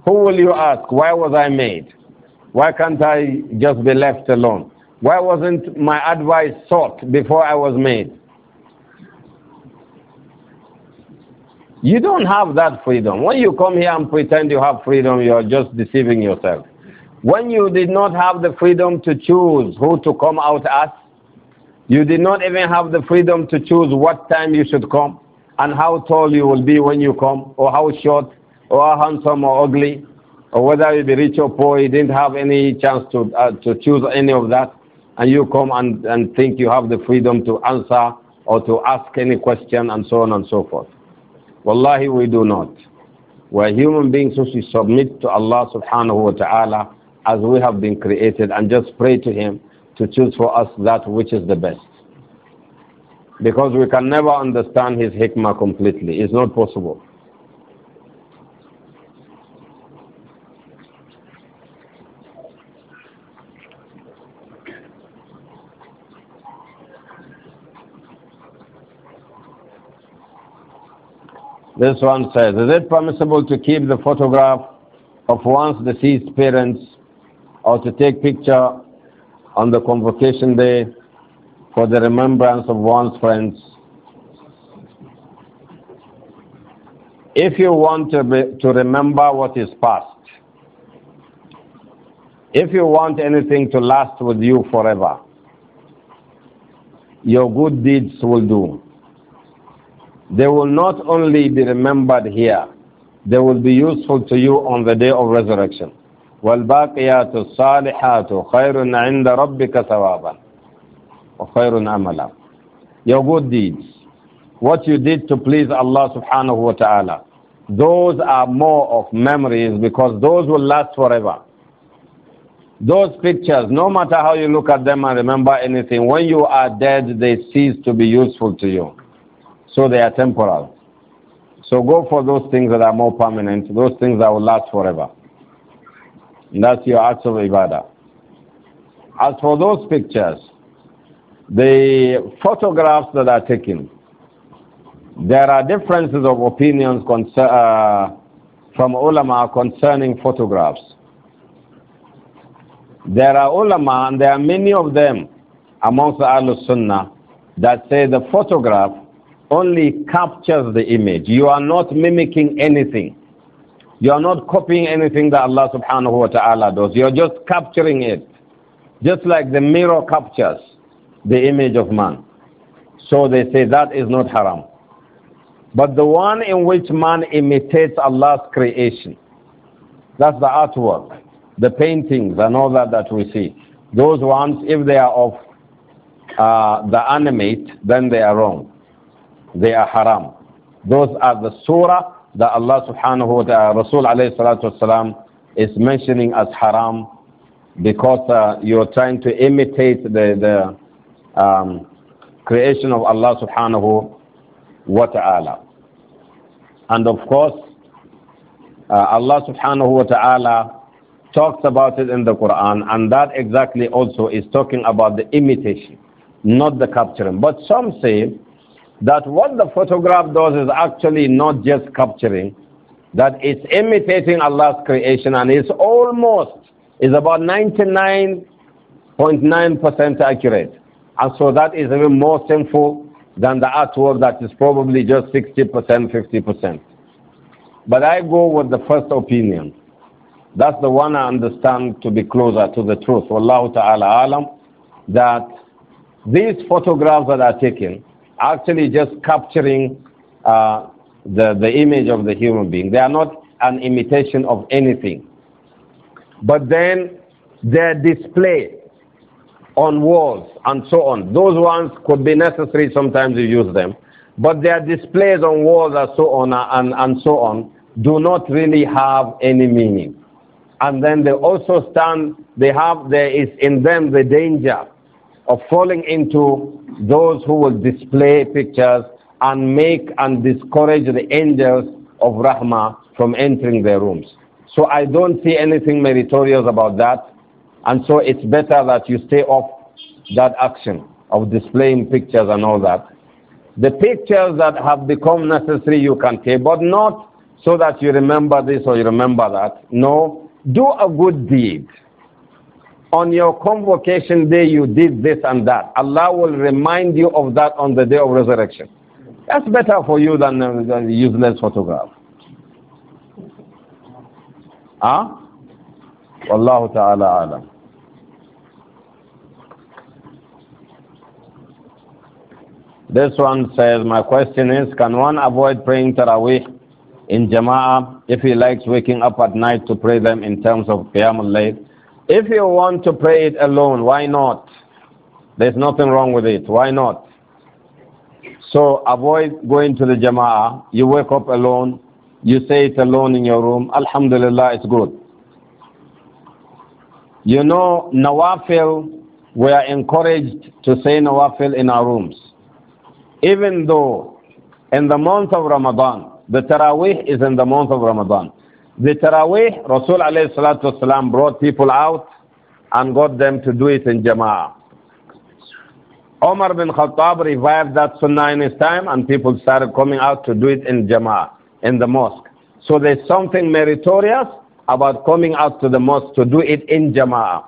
Who will you ask? Why was I made? Why can't I just be left alone? Why wasn't my advice sought before I was made? You don't have that freedom. When you come here and pretend you have freedom, you are just deceiving yourself. When you did not have the freedom to choose who to come out as, you did not even have the freedom to choose what time you should come and how tall you will be when you come, or how short, or how handsome or ugly, or whether you be rich or poor. You didn't have any chance to, uh, to choose any of that and you come and, and think you have the freedom to answer or to ask any question and so on and so forth. Wallahi, we do not. We're human beings who should submit to Allah subhanahu wa ta'ala as we have been created and just pray to Him to choose for us that which is the best. Because we can never understand His hikmah completely. It's not possible. This one says, is it permissible to keep the photograph of one's deceased parents or to take picture on the convocation day for the remembrance of one's friends? If you want to, be, to remember what is past, if you want anything to last with you forever, your good deeds will do. They will not only be remembered here, they will be useful to you on the day of resurrection. والباقيات الصالحات خير عند ربك ثوابا وخير عملا Your good deeds, what you did to please Allah subhanahu wa ta'ala, those are more of memories because those will last forever. Those pictures, no matter how you look at them and remember anything, when you are dead, they cease to be useful to you. So they are temporal. So go for those things that are more permanent, those things that will last forever. And that's your acts of ibadah. As for those pictures, the photographs that are taken, there are differences of opinions uh, from ulama concerning photographs. There are ulama, and there are many of them amongst the Ahlul Sunnah, that say the photograph only captures the image. You are not mimicking anything. You are not copying anything that Allah subhanahu wa ta'ala does. You are just capturing it. Just like the mirror captures the image of man. So they say that is not haram. But the one in which man imitates Allah's creation, that's the artwork, the paintings and all that that we see. Those ones, if they are of uh, the animate, then they are wrong they are haram. Those are the surah that Allah subhanahu wa ta'ala, Rasul alayhi salatu wasalam, is mentioning as haram because uh, you're trying to imitate the, the um, creation of Allah subhanahu wa ta'ala. And of course, uh, Allah subhanahu wa ta'ala talks about it in the Quran, and that exactly also is talking about the imitation, not the capturing. But some say, that what the photograph does is actually not just capturing, that it's imitating Allah's creation and it's almost, is about 99.9% percent accurate. And so that is even more sinful than the artwork that is probably just 60%, 50%. But I go with the first opinion. That's the one I understand to be closer to the truth. Wallahu ta'ala alam. That these photographs that are taken, actually just capturing uh, the, the image of the human being. They are not an imitation of anything. But then their display on walls and so on, those ones could be necessary sometimes you use them. But their displays on walls and so on and, and so on do not really have any meaning. And then they also stand, they have, there is in them the danger of falling into those who will display pictures and make and discourage the angels of Rahmah from entering their rooms. So I don't see anything meritorious about that. And so it's better that you stay off that action of displaying pictures and all that. The pictures that have become necessary you can take, but not so that you remember this or you remember that. No, do a good deed on your convocation day you did this and that. Allah will remind you of that on the day of resurrection. That's better for you than uh, a useless photograph. Huh? Wallahu ta'ala alam. This one says, my question is, can one avoid praying Taraweeh in Jama'ah if he likes waking up at night to pray them in terms of Qiyamul Layl? If you want to pray it alone, why not? There's nothing wrong with it. Why not? So avoid going to the jama'ah. You wake up alone. You say it alone in your room. Alhamdulillah, it's good. You know, nawafil, we are encouraged to say nawafil in our rooms. Even though in the month of Ramadan, the Taraweeh is in the month of Ramadan. The Taraweeh, Rasul alayhi salatu wasalam brought people out and got them to do it in Jama'ah. Omar bin Khattab revived that sunnah in his time and people started coming out to do it in Jama'ah, in the mosque. So there's something meritorious about coming out to the mosque to do it in Jama'ah.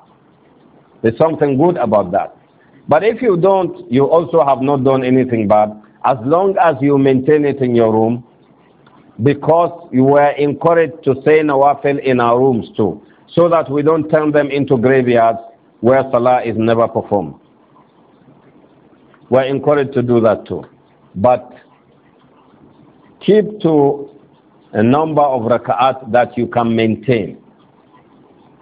There's something good about that. But if you don't, you also have not done anything bad. As long as you maintain it in your room, because you were encouraged to say nawafil in our rooms too, so that we don't turn them into graveyards where salah is never performed. We're encouraged to do that too. But keep to a number of rak'at that you can maintain.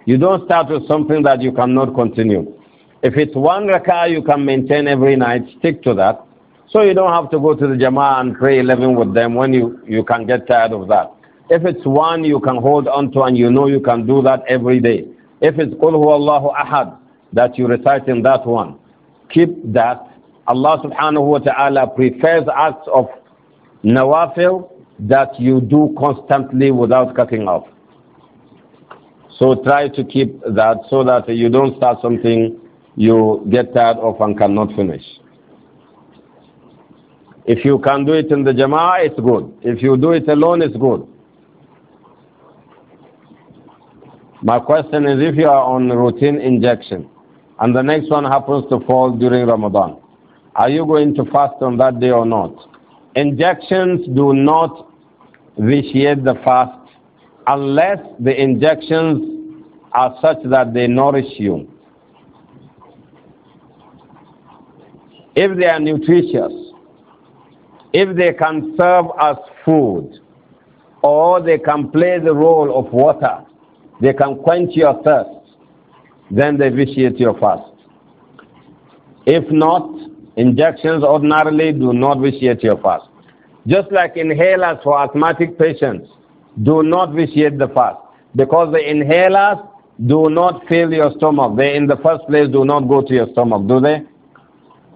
You don't start with something that you cannot continue. If it's one rak'ah you can maintain every night, stick to that. So you don't have to go to the Jama'ah and pray 11 with them when you, you can get tired of that. If it's one you can hold on to and you know you can do that every day. If it's Qul Allahu Ahad that you recite in that one, keep that. Allah subhanahu wa ta'ala prefers acts of nawafil that you do constantly without cutting off. So try to keep that so that you don't start something you get tired of and cannot finish. If you can do it in the jama'ah, it's good. If you do it alone, it's good. My question is if you are on routine injection and the next one happens to fall during Ramadan, are you going to fast on that day or not? Injections do not vitiate the fast unless the injections are such that they nourish you. If they are nutritious, if they can serve as food or they can play the role of water, they can quench your thirst, then they vitiate your fast. If not, injections ordinarily do not vitiate your fast. Just like inhalers for asthmatic patients do not vitiate the fast because the inhalers do not fill your stomach. They, in the first place, do not go to your stomach, do they?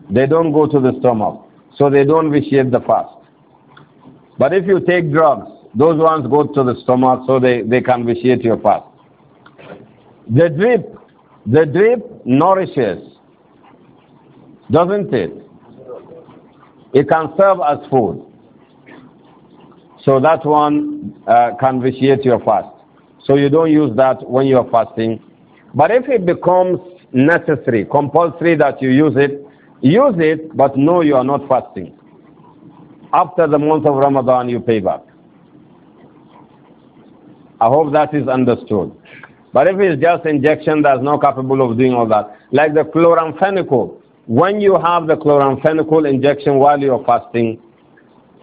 They don't go to the stomach so they don't vitiate the fast. But if you take drugs, those ones go to the stomach so they, they can vitiate your fast. The drip, the drip nourishes, doesn't it? It can serve as food. So that one uh, can vitiate your fast. So you don't use that when you are fasting. But if it becomes necessary, compulsory that you use it, Use it, but no, you are not fasting. After the month of Ramadan, you pay back. I hope that is understood. But if it's just injection that's not capable of doing all that, like the chloramphenicol, when you have the chloramphenicol injection while you're fasting,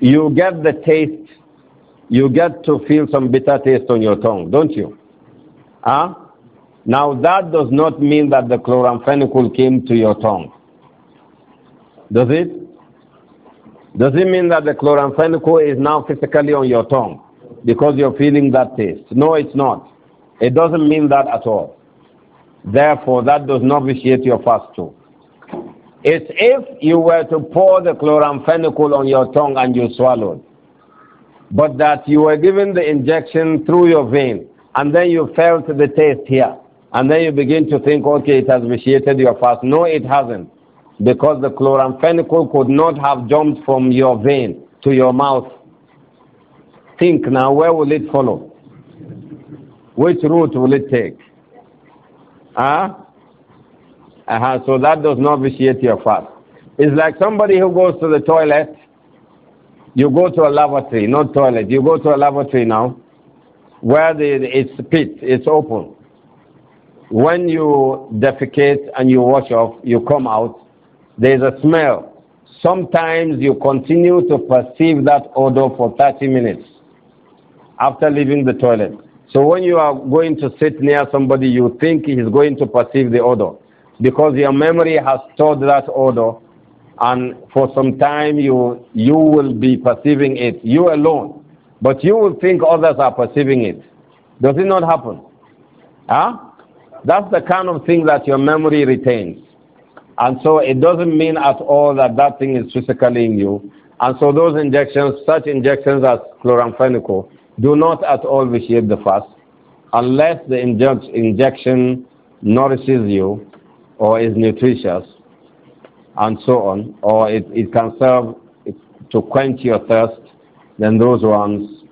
you get the taste, you get to feel some bitter taste on your tongue, don't you? Huh? Now that does not mean that the chloramphenicol came to your tongue. Does it? Does it mean that the chloramphenicol is now physically on your tongue because you're feeling that taste? No, it's not. It doesn't mean that at all. Therefore, that does not vitiate your fast too. It's if you were to pour the chloramphenicol on your tongue and you swallowed, but that you were given the injection through your vein and then you felt the taste here and then you begin to think, okay, it has vitiated your fast. No, it hasn't because the chloramphenicol could not have jumped from your vein to your mouth. Think now, where will it follow? Which route will it take? Ah, huh? uh -huh, so that does not vitiate your fast. It's like somebody who goes to the toilet. You go to a lavatory, not toilet. You go to a lavatory now, where the, it's pit, it's open. When you defecate and you wash off, you come out, there is a smell. Sometimes you continue to perceive that odor for 30 minutes after leaving the toilet. So when you are going to sit near somebody, you think he's going to perceive the odor because your memory has stored that odor and for some time you you will be perceiving it you alone but you will think others are perceiving it does it not happen huh that's the kind of thing that your memory retains and so it doesn't mean at all that that thing is physically in you. And so those injections, such injections as chloramphenicol, do not at all vitiate the fast unless the injection nourishes you or is nutritious and so on, or it, it can serve to quench your thirst, then those ones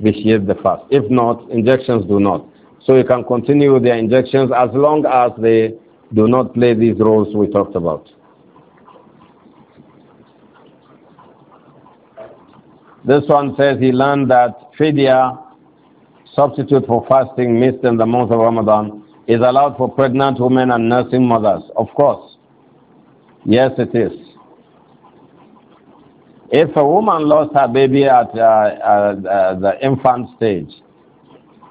vitiate the fast. If not, injections do not. So you can continue with the injections as long as the do not play these roles we talked about. This one says he learned that fidya, substitute for fasting missed in the month of Ramadan, is allowed for pregnant women and nursing mothers. Of course. Yes, it is. If a woman lost her baby at uh, uh, uh the infant stage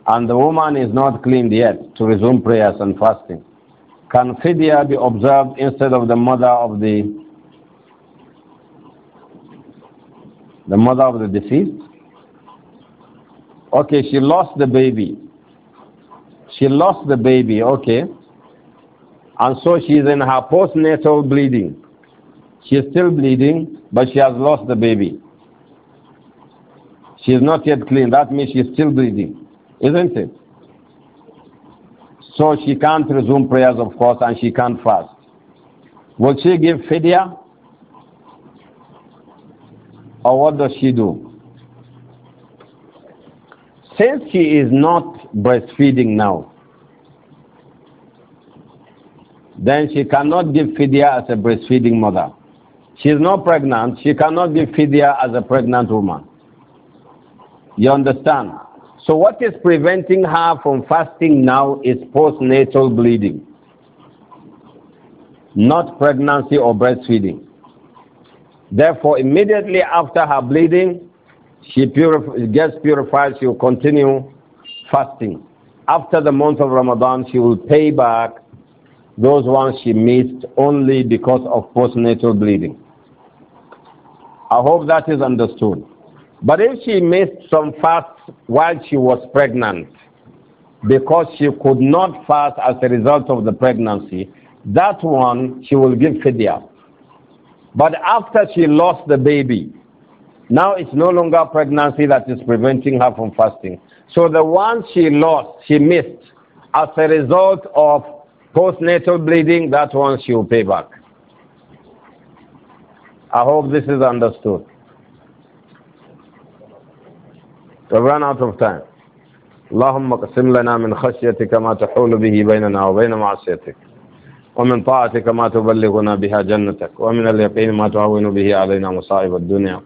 and the woman is not cleaned yet to resume prayers and fasting, can fidya be observed instead of the mother of the the mother of the deceased? Okay, she lost the baby. She lost the baby, okay. And so she's in her postnatal bleeding. She's still bleeding, but she has lost the baby. She's not yet clean. That means she's still bleeding, isn't it? So she can't resume prayers, of course, and she can't fast. Will she give fidya? Or what does she do? Since she is not breastfeeding now, then she cannot give fidya as a breastfeeding mother. She is not pregnant. She cannot give fidya as a pregnant woman. You understand? So what is preventing her from fasting now is postnatal bleeding, not pregnancy or breastfeeding. Therefore, immediately after her bleeding, she purif gets purified, she will continue fasting. After the month of Ramadan, she will pay back those ones she missed only because of postnatal bleeding. I hope that is understood. But if she missed some fasts while she was pregnant, because she could not fast as a result of the pregnancy, that one she will give fidya. But after she lost the baby, now it's no longer pregnancy that is preventing her from fasting. So the one she lost, she missed, as a result of postnatal bleeding, that one she will pay back. I hope this is understood. So I've out of time. اللهم اقسم لنا من خشيتك ما تحول به بيننا وبين معصيتك ومن طاعتك ما تبلغنا بها جنتك ومن اليقين ما تعون به علينا مصائب الدنيا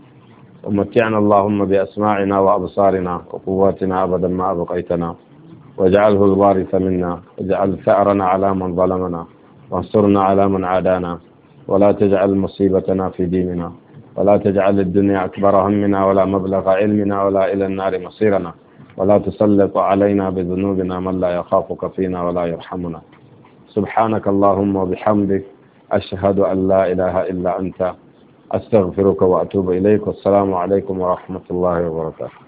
ومتعنا اللهم بأسماعنا وأبصارنا وقواتنا أبدا ما أبقيتنا واجعله الوارث منا واجعل ثأرنا على من ظلمنا وانصرنا على من عادانا ولا تجعل مصيبتنا في ديننا ولا تجعل الدنيا أكبر همنا ولا مبلغ علمنا ولا إلى النار مصيرنا ولا تسلط علينا بذنوبنا من لا يخافك فينا ولا يرحمنا سبحانك اللهم وبحمدك أشهد أن لا إله إلا أنت أستغفرك وأتوب إليك والسلام عليكم ورحمة الله وبركاته